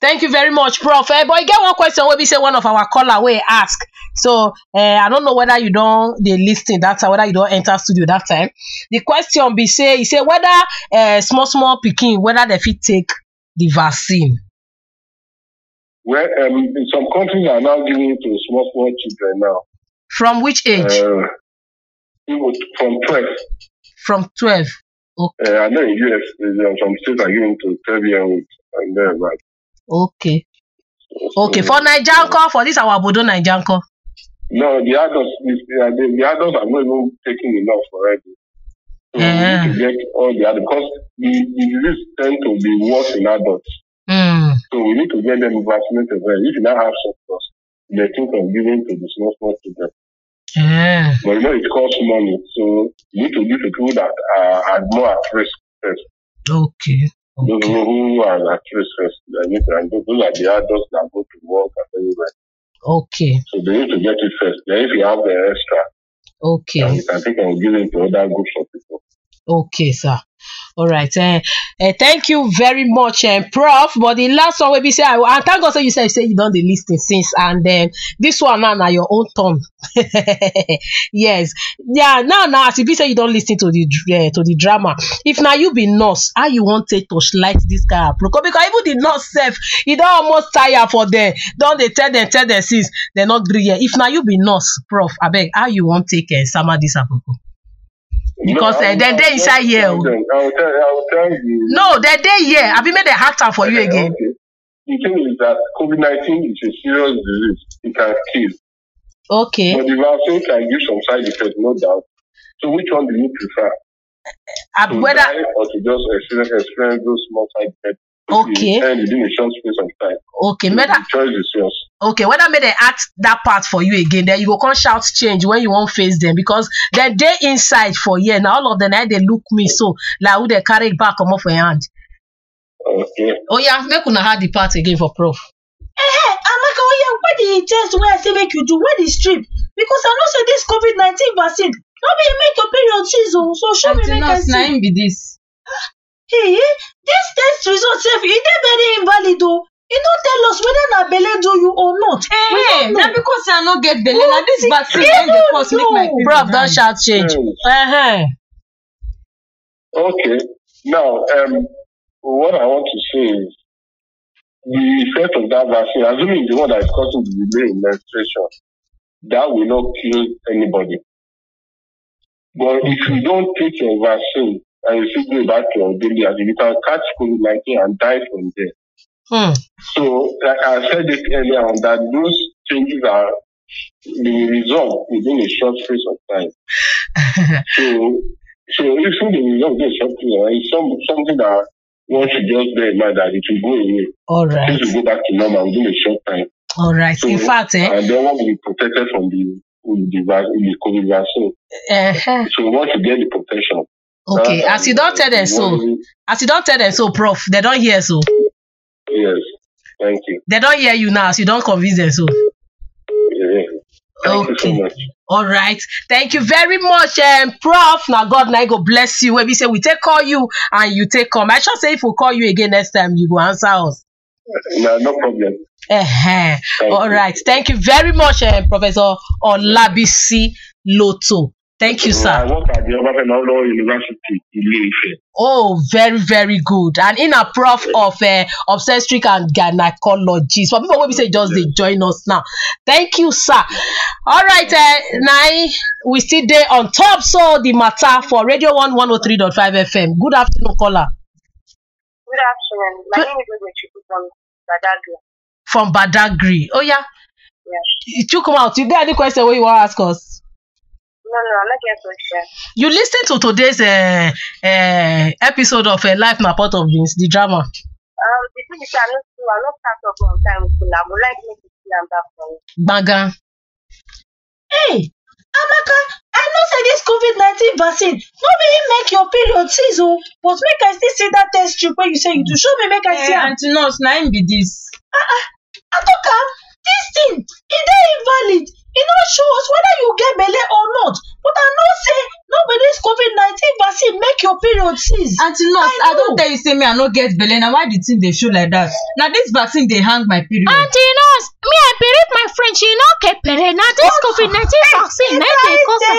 thank you very much prof eh, but I get one question wey say one of our caller will ask so eh, I i not know whether you don't the listing. that time whether you don't enter studio that time the question be say you say whether eh, small small picking whether they fit take the vaccine. well um, in some countries are now giving it to small small children now. from which age. Uh, from twelve. from twelve. Okay. Uh, I know in US, uh, some states are giving to 12 year old, and then, but Okay. Okay. Mm. For Naija for this our Obodo Naija No, the adults, the, the, adults are not even taking enough already. So Yeah. we need to eh. get all the adults because the, the disease tend to be worse in adults. Mm. So we need to get them vaccinated. Well. If you not have surplus, they think of giving to the small small children. Yeah. But you know it costs money, so we need to give to people that are, uh, are more at risk first. Okay. Those who are at risk, they need to, and those are the adults that go to work and everywhere. Okay. So they need to get it first. Then if you have the extra, okay. you can take and give it to other groups of people. Okay, sir. All right. Uh, uh, thank you very much, um, Prof. But the last one will be say, I, and thank God say you said say you done the listing since, and then this one now na your own turn. yes. Yeah. Now now as you e be say you don listen to the uh, to the drama. If na you be nurse, how you wan take torchlight this guy approach? Because even the nurse sef, e don almost tire for them. Don dey tell them tell them since they no gree hear. If na you be nurse, Prof. Abeg, how you wan take uh, sama this approach? because no, uh, they inside here. I will tell, you. No, they dey here. I've make made a am for you again. Okay. The thing is that COVID nineteen is a serious disease. It can kill. Okay. But the vaccine can give some side effects, no doubt. So which one do you prefer? Uh, to whether, die or to just experience, experience those small side effects Okay. And within a short space of time. Okay, so that, choice is yours. Okay, whether I made them act that part for you again, then you will come shout change when you won't face them because they they inside for yeah. Now all of the night they look me so like who they carry back come off for hand. Okay. Oh yeah, make una have the part again for prof. Eh, eh Amaka, oh yeah, what the test where I say make you do, where the strip? Because I know say this COVID nineteen vaccine, no be make your period season, oh, so show me make nurse, I see. Nine be this. Hey, dis eh, test result sef e dey very invalid oo e no tell us whether na belle do you or not eh, we eh, no na because say i no get belle na this vaccine wey dey cause make my period prof don shout change. Mm. okay now um, what i want to say is the effect of that vaccine assuming the one that is causing the delay in menstruation that will not kill anybody but if you don't take your vaccine and you should go back to your daily as you can catch COVID 19 and die from there. Hmm. So, like I said it earlier on, that those changes are the result within a short space of time. so, so if the result is something, it's some, something that one should just bear in mind that it will go away. All right. Things will go back to normal within a short time. All right. So, in fact, eh? And then one will be protected from the, the, the COVID vaccine. Uh-huh. So, once you get the protection, Okay, as you don't tell them so, as you don't tell them so, Prof, they don't hear so. Yes, thank you. They don't hear you now, as you don't convince them so. Yeah. okay. so All right. Thank you very much, um, Prof. Now, God, now go bless you. When we say we take call you and you take come, I shall say if we call you again next time, you go answer us. Eh, no, no problem. Uh-huh. All you. right. Thank you very much, um, Professor Olabisi Loto. Thank you, sir. I work at the Obafemi University, Ile-Ife. Oh, very, very good. And in a prof yeah. of uh, obstetric and gynecology. So people will be saying just yeah. they join us now. Thank you, sir. All right, uh, eh, now we still there on top. So the matter for Radio One One O oh Three Point Five FM. Good afternoon, caller. Good afternoon. My good. name is from Badagri. From Badagri. Oh, yeah. Yes. Yeah. You come out. You got any question where you want to ask us? No, no, I'm not here to share. You listened to today's uh, uh, episode of uh, Life Na Part of Beans, the drama. Um, the thing is, I'm not, I'm not part of my time with I would like me to see am that from Gbagan. Hey, Amaka, I know say this COVID-19 vaccine no be im make your period cease o, but make I still see that test tube wey you say you do. Show me make I eh, see am. Eh, aunty nurse, na im be dis. Ah ah, I talk am, thing, e dey invalid e no show us whether you get belle or not but i know say no be this covid nineteen vaccine make your period cease. aunty nurse i, I don tell you say me i no get belle na why the thing dey show like that na this vaccine dey hang my period. aunty nurse me i believe my friend she no get belle na this covid nineteen vaccine na dey cause am.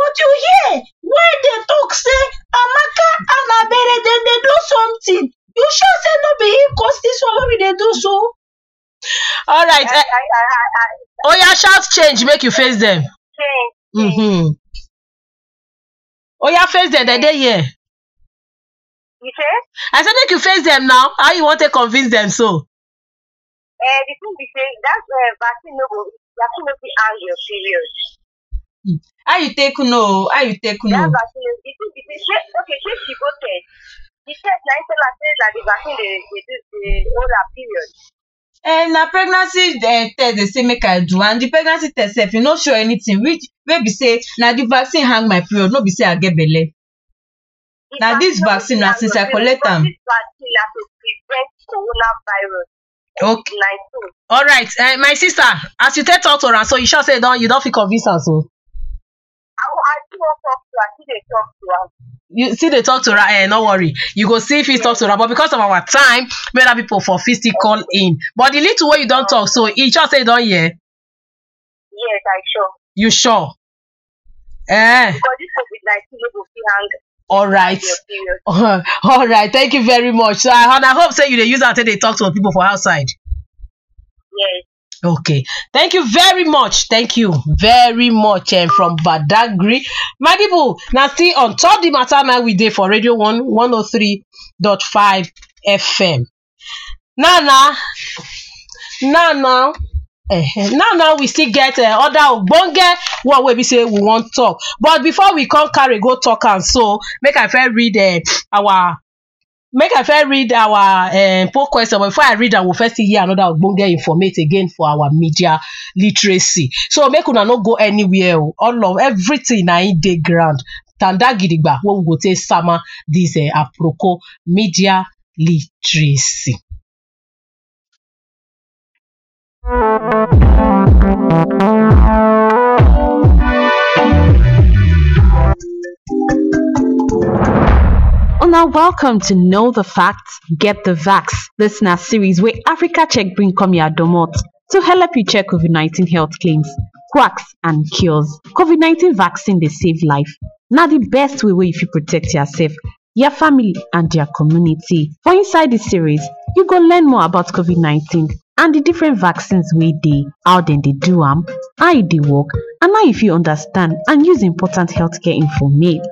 but you hear why dem talk say amaka and abere dem dey do something you sure say no be him cause this one wey we dey do so. All right, alright eh, oya oh shout change make you face dem mhm oya face dem dem dey here you say i say make you face dem now how you wan take convince dem so Uh, the thing be say that uh, vaccine no go vaccine no fit hang your period. Hmm. how you take know how you take know. that vaccine the thing be say she, okay say she go test the test na tell her say na the vaccine dey reduce the older period um na pregnancy um test dem say make i do and the pregnancy test sef e no show anything which wey be say na the vaccine hang my period no be say i get belle na this vaccine na since i collect am. this vaccine na to prevent coronavirus okay all right uh, eh, my sister as you take talk to am so you sure say you don you don fit convince am so. i i do wan talk to her she dey talk to am you see, they talk to her eh no worry you go see if he talk to her but because of our time many people for fit call in but the little way, you don talk so e sure say you don hear. yes i sure. you sure. Eh. because this covid nineteen no go fit hang all right all right thank you very much so and i hope say you they use am they talk to people for outside. yes Okay. Thank you very much. Thank you very much. And eh, from my people, now see on top the matter now we did for Radio 1 103.5 FM. Now, now, now, now. Uh-huh. now we still get uh, other ogbonge What we be say we wan talk but before we come carry go talk and so make i first read uh, our make i first read our um, poll question before i read am we first hear another ogbonge informate again for our media literacy so make una no go anywhere oh. all of everything I im ground tanda gidigba when we go take sama this uh, eh, aproko media literacy. Thank you now welcome to Know the Facts, Get the Vax listener series where Africa Check bring comia domot to help you check COVID 19 health claims, quacks, and cures. COVID 19 vaccine they save life. Now, the best way, way if you protect yourself, your family, and your community. For inside this series, you go learn more about COVID 19, and the different vaccines wey dey, how dem dey do am, how e dey work and how you fit understand and use important healthcare informate.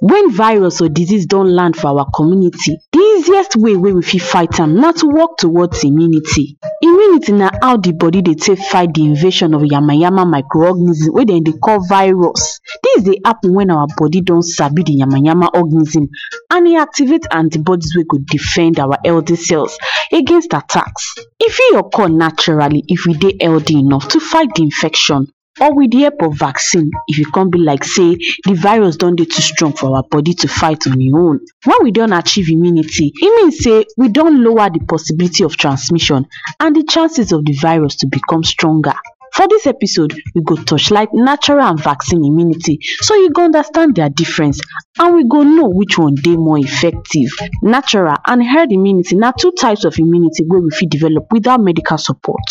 When virus or disease don land for our community, The easiest way wey we fit fight am na to work towards immunity. Immunity na how the body dey take fight the invasion of yamayama micro-organism wey dem dey call virus. Dis dey happen when our body don sabi di yamayama organism and e activate antibodies wey go defend our healthy cells against attacks. E fit occur naturally if we dey healthy enough to fight the infection or with the help of vaccine if e come be like say the virus don dey too strong for our body to fight on e own. When we don achieve immunity, e mean say we don lower the possibility of transmission and the chances of the virus to become stronger. For this episode, we go torchlight natural and vaccine immunity so you go understand their difference and we go know which one dey more effective. Natural and herd immunity na two types of immunity wey we fit develop without medical support.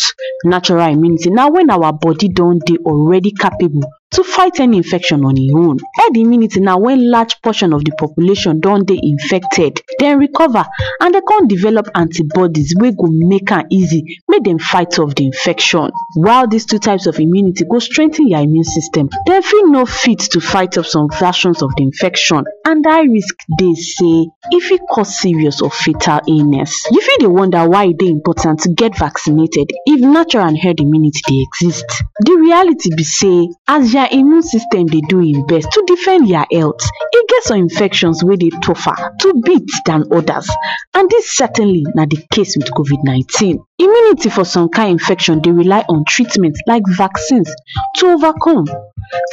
Natural immunity na when our body don dey already capable To fight any infection on your own, herd immunity now when large portion of the population don't get infected, then recover and can't develop antibodies wey go make am easy make them fight off the infection. While these two types of immunity go strengthen your immune system, they feel no fit to fight off some versions of the infection and I risk they say if it cause serious or fatal illness. You feel they wonder why it's important to get vaccinated if natural and herd immunity they exist? The reality be say as your your immune system dey do im best to defend your health. E get some infections wey dey tougher to beat than others and this certainly na the case with covid-19. Immunity for some kind infection dey rely on treatment like vaccines to overcome.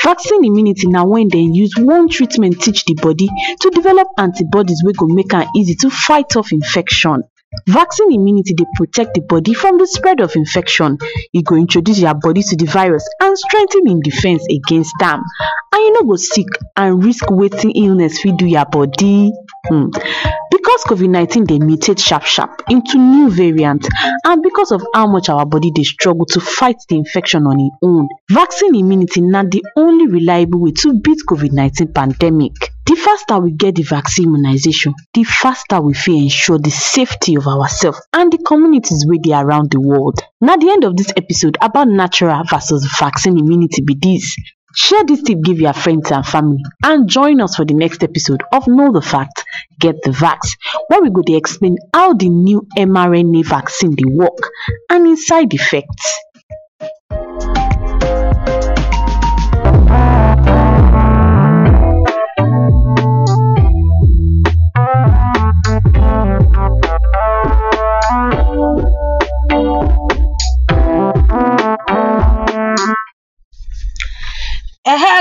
Vaccine immunity na when dem use one treatment teach the body to develop antibodies wey go make am easy to fight off infection. Vaccine immunity dey protect the body from the spread of infection. E go introduce your body to the virus and strengthen in defense against am and you no go sick and risk wetin illness fit do your body. um COVID-19 they mutate sharp sharp into new variants and because of how much our body they struggle to fight the infection on its own, vaccine immunity not the only reliable way to beat COVID-19 pandemic. The faster we get the vaccine immunization, the faster we feel ensure the safety of ourselves and the communities where they around the world. Now the end of this episode about natural versus vaccine immunity be this. Share this tip, give your friends and family, and join us for the next episode of Know the Facts, Get the Facts, where we go to explain how the new mRNA vaccine they work and inside effects.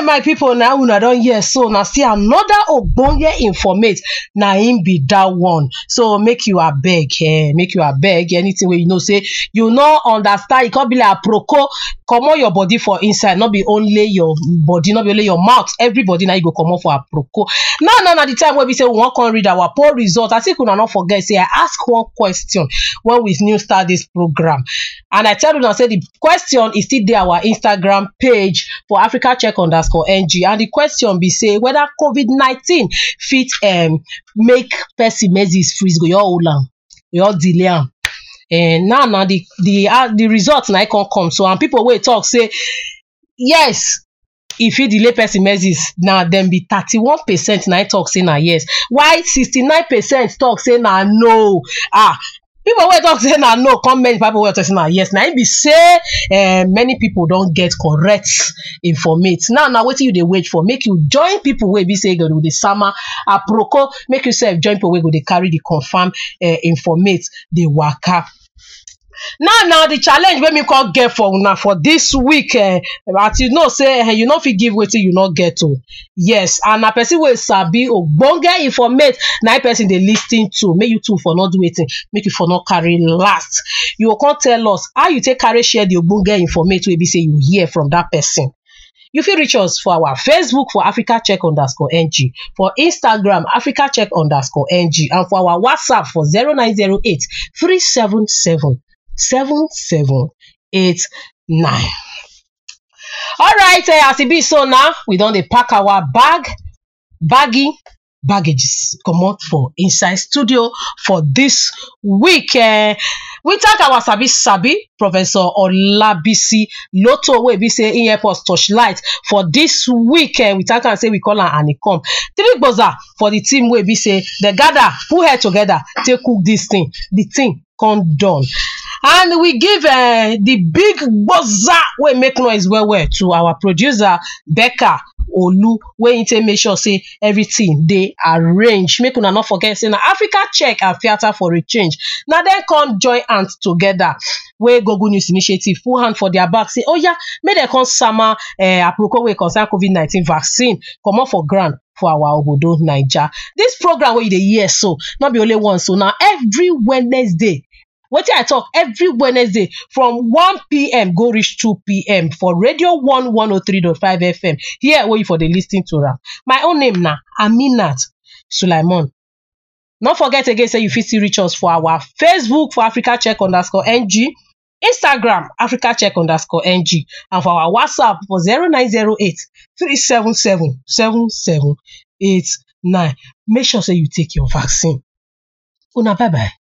my pipo na una don hear so na still another ogbonge informate na him be that one so make you abeg eh make you abeg anything wey you know say you no understand e come be like aproko comot your body for inside no be only your body no be only your mouth everybody na you go comot for aproko now now na the time wey be say we wan come read our poll result i think una no forget say i ask one question when we new start this program and i tell una say the question e still dey our instagram page for africa check underscore for ng and the question be say whether covid nineteen fit um, make person message freeze go your hold am your delay am um, now na the the uh, the result na e come come so and people wey talk say yes e fit delay person message na dem be thirty-one percent na e talk say na yes while sixty-nine percent talk say na no ah People wey talk say na no come many pipo wey talk say na yes na im be say eh, many people don get correct informate now na wetin you dey wait for make you join people wey be say go dey sama aproko make you sef join people wey go dey carry the confam eh, informate dey waka now na the challenge wey me come get for una for this week eh, as you know say eh, you no fit give wetin you no get o oh. yes and na person wey sabi ogbonge informate na im person dey lis ten to make you too for no do wetin make you for no carry last you go come tell us how you take carry share the ogbonge informate wey be say you hear from that person you fit reach us for our facebook for africa check underscore ng for instagram africa check underscore ng and for our whatsapp for zero nine zero eight three seven seven 7789. Alright, eh, as it e be so now, we don't dey pack our bag, baggy baggages Come out for inside studio for this week. Um, we talk our sabi sabi professor olabisi loto wey be say im help us light for this week uh, we talk am say we call am and e come three gboza for the team wey be say they gather put head together take cook this thing the thing come done and we give uh, the big buzzer. wey make noise well well to our producer Becca Olu wey take make sure say everything dey arrange make una no forget say na Africa Check and Fiata for a change na dem come join hands together wey Google News Initiative full hand for their back say oya oh, yeah, make dem come sama uh, eh, aproko wey concern covid nineteen vaccine comot for ground for our obodo naija This program wey you dey hear so no be only once so na every wednesday wetin i talk every wednesday from 1pm go reach 2pm for radio 1 103.5 fm here wey you for dey lis ten to am my own name na aminat Sulaimon. no forget again say you fit still reach us for our facebook for africa check underscore ng instagram africa check underscore ng and for our whatsapp for zero nine zero eight three seven seven seven seven eight nine make sure say you take your vaccine una bye bye.